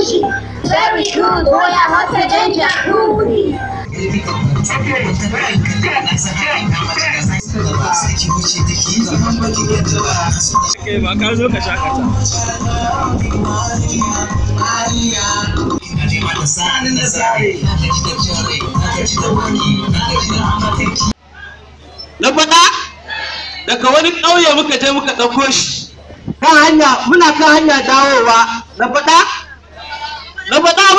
sushi, very good, boya hasa janja kuri. Okay, da na faɗa daga wani ƙauye muka je muka ɗauko shi kan hanya muna kan hanya dawowa na faɗa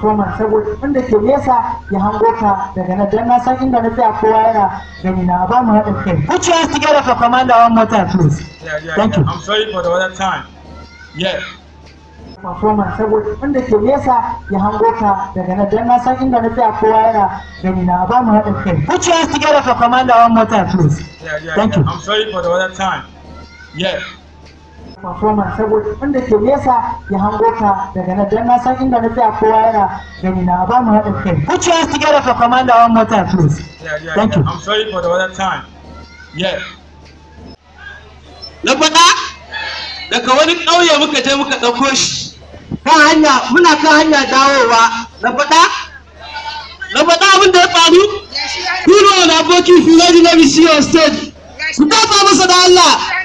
koma saboda wanda ke nesa ya hango ka daga na dan na san inda na tsaya kowa yana gani na ba mu haɗin kai put your hands together for commander one motor time please thank you i'm sorry for the other time yeah performance saboda wanda ke nesa ya hango ka daga na dan na san inda na tsaya kowa yana gani na ba mu haɗin kai put your hands together for commander one motor time please thank you i'm sorry for the other time yeah performance saboda wanda ke nesa ya hango ka daga nan dan na san inda na tsaya kowa yana gani na ba mu haɗin kai for one more time please thank you i'm sorry for the other time yeah daga wani ƙauye muka je muka ɗauko shi kan hanya muna kan hanya dawowa na faɗa na faɗa abin da ya faru Kuno wani abokin fi na bisi on stage ku tafa masa da Allah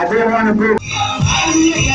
I did want to be.